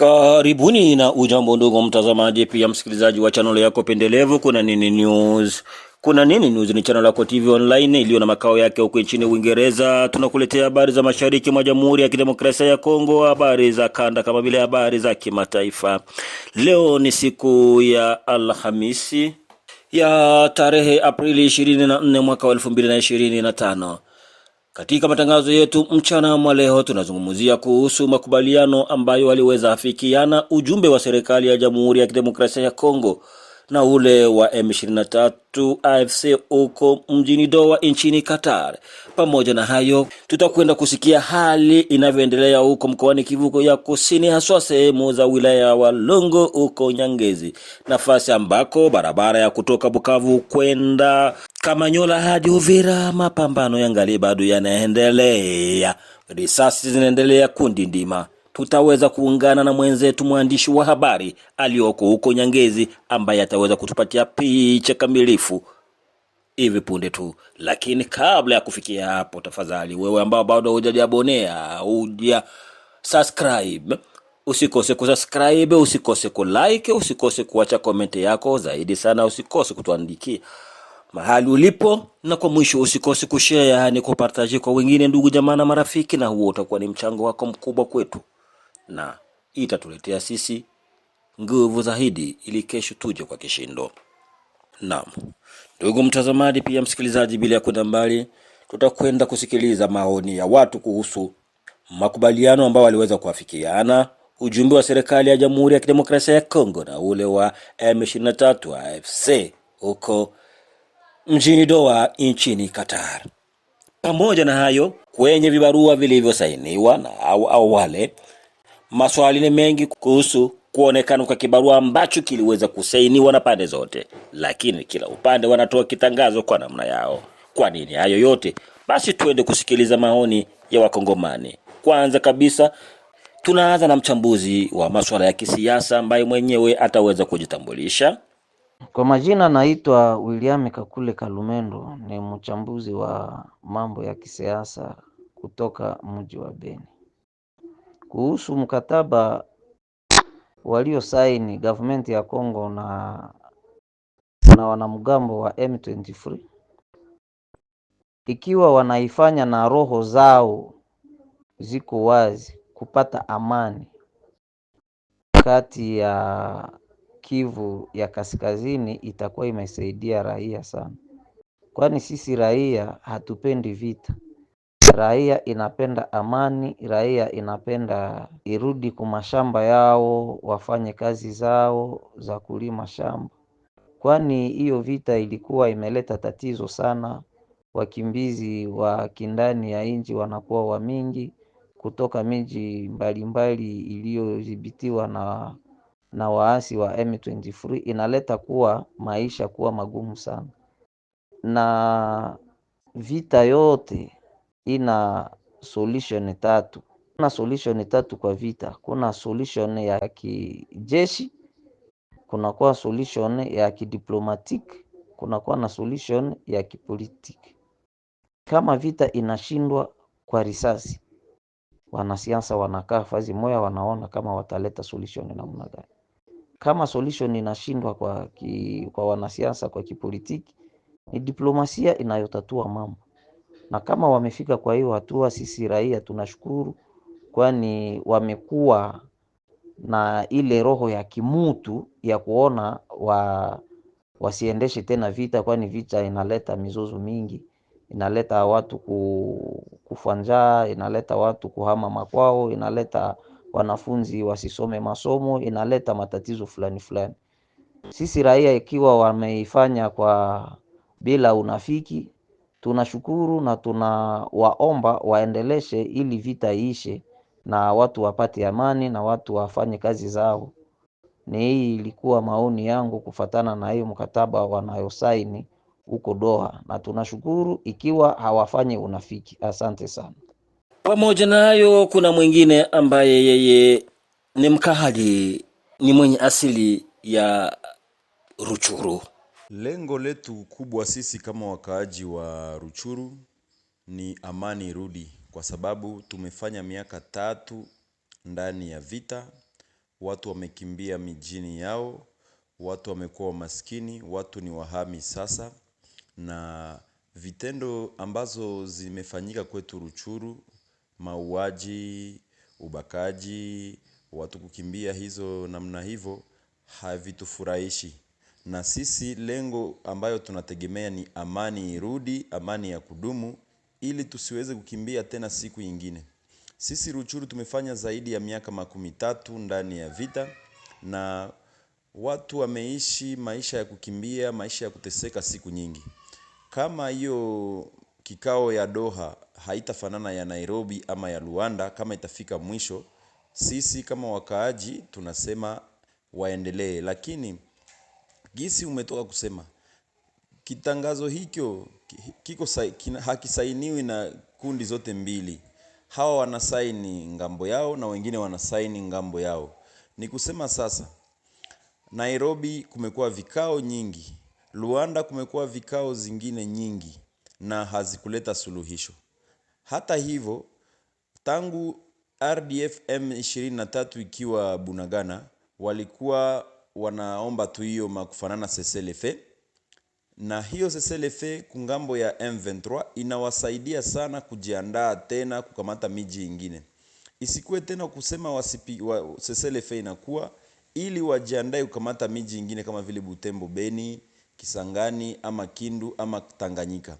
Karibuni na ujambo ndugu mtazamaji, pia msikilizaji wa chanelo yako pendelevu Kuna Nini News. Kuna Nini News ni chanelo yako TV online iliyo na makao yake huko nchini Uingereza. Tunakuletea habari za mashariki mwa Jamhuri ya Kidemokrasia ya Kongo, habari za kanda kama vile habari za kimataifa. Leo ni siku ya Alhamisi ya tarehe Aprili 24 mwaka wa 2025. Katika matangazo yetu mchana wa leo tunazungumzia kuhusu makubaliano ambayo waliweza afikiana ujumbe wa serikali ya Jamhuri ya Kidemokrasia ya Kongo na ule wa M23 AFC huko mjini Doha nchini Qatar. Pamoja na hayo, tutakwenda kusikia hali inavyoendelea huko mkoani Kivuko ya Kusini, haswa sehemu za wilaya ya Walongo huko Nyangezi, nafasi ambako barabara ya kutoka Bukavu kwenda Kamanyola hadi Uvira, mapambano yangali bado yanaendelea, risasi zinaendelea kundi ndima tutaweza kuungana na mwenzetu mwandishi wa habari aliyoko huko Nyangezi ambaye ataweza kutupatia picha kamilifu hivi punde tu. Lakini kabla ya kufikia hapo, tafadhali wewe ambao bado hujajabonea huja subscribe Usikose kusubscribe, usikose kulike, usikose kuacha komenti yako. Zaidi sana, usikose kutuandikia mahali ulipo, na kwa mwisho, usikose kushare, yaani kupartaji kwa wengine, ndugu jamaa na marafiki, na huo utakuwa ni mchango wako mkubwa kwetu na itatuletea sisi nguvu zaidi ili kesho tuje kwa kishindo. Naam, ndugu mtazamaji, pia msikilizaji, bila ya kwenda mbali, tutakwenda kusikiliza maoni ya watu kuhusu makubaliano ambayo waliweza kuafikiana ujumbe wa serikali ya Jamhuri ya Kidemokrasia ya Kongo na ule wa M23 AFC huko mjini Doha nchini Qatar. Pamoja na hayo, kwenye vibarua vilivyosainiwa na au, au wale Maswali ni mengi kuhusu kuonekana kwa kibarua ambacho kiliweza kusainiwa na pande zote, lakini kila upande wanatoa kitangazo kwa namna yao. Kwa nini hayo yote? Basi tuende kusikiliza maoni ya Wakongomani. Kwanza kabisa tunaanza na mchambuzi wa masuala ya kisiasa ambaye mwenyewe ataweza kujitambulisha kwa majina. Naitwa William Kakule Kalumendo, ni mchambuzi wa mambo ya kisiasa kutoka mji wa Beni kuhusu mkataba waliosaini gavumenti ya Kongo na, na wanamgambo wa M23 ikiwa wanaifanya na roho zao ziko wazi kupata amani kati ya Kivu ya kaskazini itakuwa imesaidia raia sana, kwani sisi raia hatupendi vita. Raia inapenda amani, raia inapenda irudi kumashamba yao, wafanye kazi zao za kulima shamba, kwani hiyo vita ilikuwa imeleta tatizo sana. Wakimbizi wa kindani ya nchi wanakuwa wa mingi kutoka miji mbalimbali iliyodhibitiwa na, na waasi wa M23, inaleta kuwa maisha kuwa magumu sana na vita yote ina solution tatu. Kuna solution tatu kwa vita. Kuna solution ya kijeshi, kunakuwa solution ya kidiplomatiki, kunakuwa na solution ya kipolitiki. Kama vita inashindwa kwa risasi, wanasiasa wanakaa fazi moya, wanaona kama wataleta solution namna gani. Kama solution inashindwa kwa, ki, kwa wanasiasa kwa kipolitiki, ni diplomasia inayotatua mambo na kama wamefika kwa hiyo hatua, sisi raia tunashukuru, kwani wamekuwa na ile roho ya kimutu ya kuona wa wasiendeshe tena vita, kwani vita inaleta mizozo mingi, inaleta watu kufa njaa, inaleta watu kuhama makwao, inaleta wanafunzi wasisome masomo, inaleta matatizo fulani fulani. Sisi raia ikiwa wameifanya kwa bila unafiki Tunashukuru na tunawaomba waendeleshe ili vita iishe na watu wapate amani na watu wafanye kazi zao. Ni hii ilikuwa maoni yangu kufatana na hiyo mkataba wanayosaini huko Doha, na tunashukuru ikiwa hawafanye unafiki. Asante sana. Pamoja na hayo, kuna mwingine ambaye yeye ni mkahali ni mwenye asili ya Ruchuru. Lengo letu kubwa sisi kama wakaaji wa Ruchuru ni amani irudi kwa sababu tumefanya miaka tatu ndani ya vita, watu wamekimbia mijini yao, watu wamekuwa maskini, watu ni wahami sasa na vitendo ambazo zimefanyika kwetu Ruchuru, mauaji, ubakaji, watu kukimbia hizo namna hivyo havitufurahishi na sisi lengo ambayo tunategemea ni amani irudi, amani ya kudumu ili tusiweze kukimbia tena siku nyingine. Sisi Ruchuru tumefanya zaidi ya miaka makumi tatu ndani ya vita na watu wameishi maisha ya kukimbia, maisha ya kuteseka siku nyingi. Kama hiyo kikao ya Doha haitafanana ya Nairobi ama ya Luanda kama itafika mwisho, sisi kama wakaaji tunasema waendelee. Lakini gisi umetoka kusema kitangazo hicho kiko hakisainiwi na kundi zote mbili hawa wanasaini ngambo yao na wengine wanasaini ngambo yao ni kusema sasa nairobi kumekuwa vikao nyingi luanda kumekuwa vikao zingine nyingi na hazikuleta suluhisho hata hivyo tangu rdfm 23 ikiwa bunagana walikuwa wanaomba tu hiyo makufanana CCLF na hiyo CCLF kungambo ya M23 inawasaidia sana kujiandaa tena kukamata miji ingine, isikuwe tena kusema wasipi, wa, CCLF inakuwa ili wajiandae kukamata miji ingine kama vile Butembo, Beni, Kisangani ama Kindu ama Tanganyika.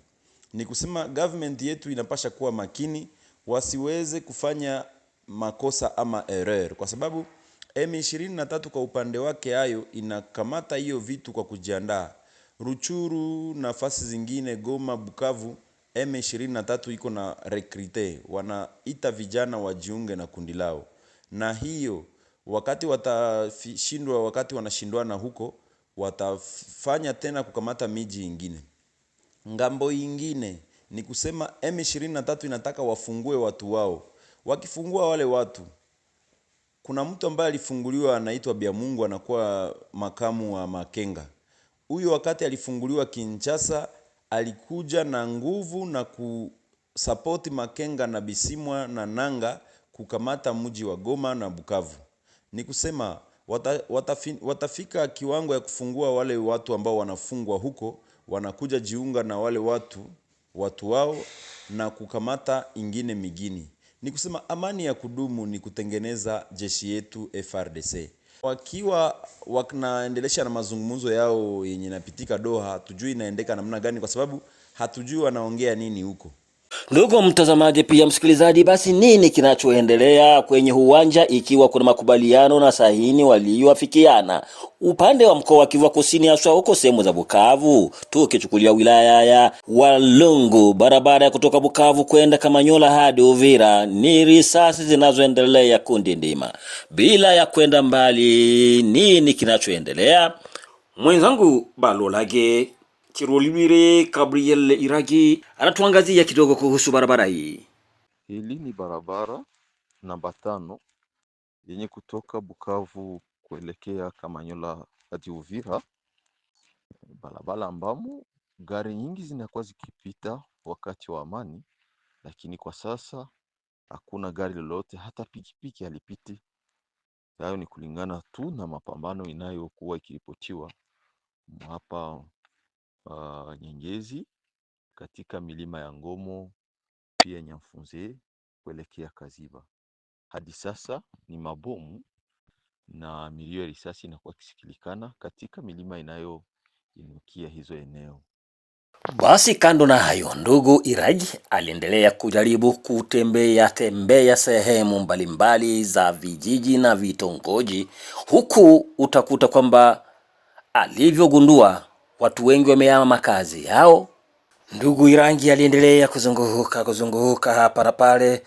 Ni kusema government yetu inapasha kuwa makini, wasiweze kufanya makosa ama error, kwa sababu M23 kwa upande wake hayo inakamata hiyo vitu kwa kujiandaa. Ruchuru nafasi zingine Goma, Bukavu, M23 iko na rekrite, wanaita vijana wajiunge na kundi lao, na hiyo wakati watashindwa, wakati wanashindwana huko, watafanya tena kukamata miji ingine. Ngambo ingine ni kusema M23 inataka wafungue watu wao, wakifungua wale watu kuna mtu ambaye alifunguliwa anaitwa Biamungu, anakuwa makamu wa Makenga. Huyu wakati alifunguliwa Kinshasa, alikuja na nguvu na kusapoti Makenga na Bisimwa na Nanga kukamata mji wa Goma na Bukavu. Ni kusema wata, watafi, watafika kiwango ya kufungua wale watu ambao wanafungwa huko, wanakuja jiunga na wale watu watu wao na kukamata ingine migini ni kusema amani ya kudumu ni kutengeneza jeshi yetu FRDC wakiwa wanaendelesha na mazungumzo yao yenye napitika Doha, tujui inaendeka namna gani, kwa sababu hatujui wanaongea nini huko. Ndugu mtazamaji pia msikilizaji, basi nini kinachoendelea kwenye uwanja, ikiwa kuna makubaliano na sahini walioafikiana upande wa mkoa wa Kivu Kusini, haswa huko sehemu za Bukavu, tukichukulia wilaya ya Walungu, barabara ya kutoka Bukavu kwenda Kamanyola hadi Uvira, ni risasi zinazoendelea kundi ndima. Bila ya kwenda mbali, nini kinachoendelea? Mwenzangu Balolage Kirolimire Gabriel Iragi anatuangazia kidogo kuhusu barabara hii. Hili ni barabara namba tano yenye kutoka Bukavu kuelekea Kamanyola hadi Uvira, barabara ambamo gari nyingi zinakuwa zikipita wakati wa amani, lakini kwa sasa hakuna gari lolote, hata pikipiki halipiti. Hayo ni kulingana tu na mapambano inayokuwa ikiripotiwa hapa Uh, nyengezi katika milima ya Ngomo pia Nyamfunze kuelekea Kaziba. Hadi sasa ni mabomu na milio ya risasi inakuwa ikisikilikana katika milima inayoinukia hizo eneo. Basi kando na hayo, ndugu iraji aliendelea kujaribu kutembea tembea sehemu mbalimbali za vijiji na vitongoji, huku utakuta kwamba alivyogundua watu wengi wameama makazi yao. Ndugu Irangi aliendelea kuzunguka kuzunguka hapa na pale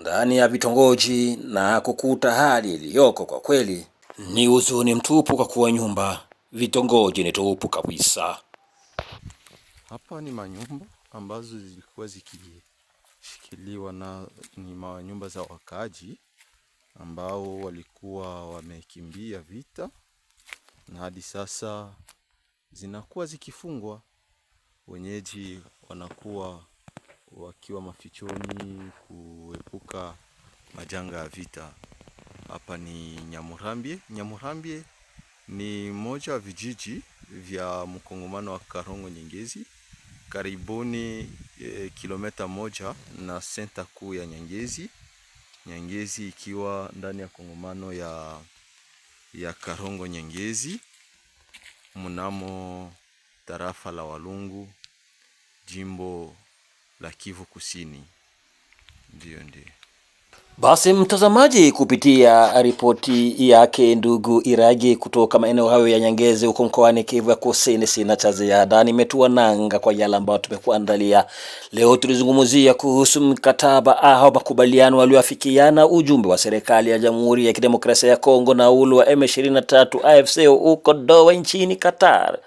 ndani ya vitongoji na kukuta hali iliyoko kwa kweli ni huzuni mtupu, kwa kuwa nyumba vitongoji ni tupu kabisa. Hapa ni manyumba ambazo zilikuwa zikishikiliwa na ni manyumba za wakaji ambao walikuwa wamekimbia vita na hadi sasa zinakuwa zikifungwa, wenyeji wanakuwa wakiwa mafichoni kuepuka majanga ya vita. Hapa ni Nyamurambie. Nyamurambie ni moja wa vijiji vya mkongomano wa Karongo Nyengezi, karibuni e, kilometa moja na senta kuu ya Nyengezi. Nyengezi ikiwa ndani ya kongomano ya, ya Karongo Nyengezi mnamo tarafa la Walungu, jimbo la Kivu Kusini. ndio ndio basi mtazamaji, kupitia ripoti yake ndugu Iragi kutoka maeneo hayo ya Nyangezi huko mkoani Kivu ya Kusini, sina cha ziada, nimetua nanga kwa yale ambayo tumekuandalia leo. Tulizungumzia kuhusu mkataba au makubaliano walioafikiana ujumbe wa serikali ya Jamhuri ya Kidemokrasia ya Kongo na ulu wa M23 AFC huko Doha nchini Qatar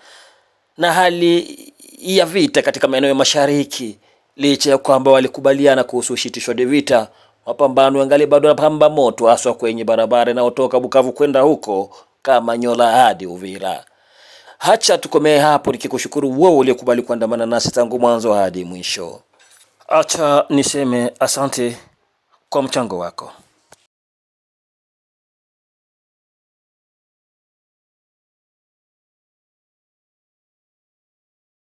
na hali ya vita katika maeneo ya mashariki, licha ya kwamba walikubaliana kuhusu ushitishwaji vita Mapambano yangali bado napamba moto haswa kwenye barabara inayotoka Bukavu kwenda huko kama Nyola hadi Uvira. Hacha tukomee hapo nikikushukuru wewe uliyekubali kuandamana nasi tangu mwanzo hadi mwisho. Acha niseme asante kwa mchango wako.